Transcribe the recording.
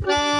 Bye.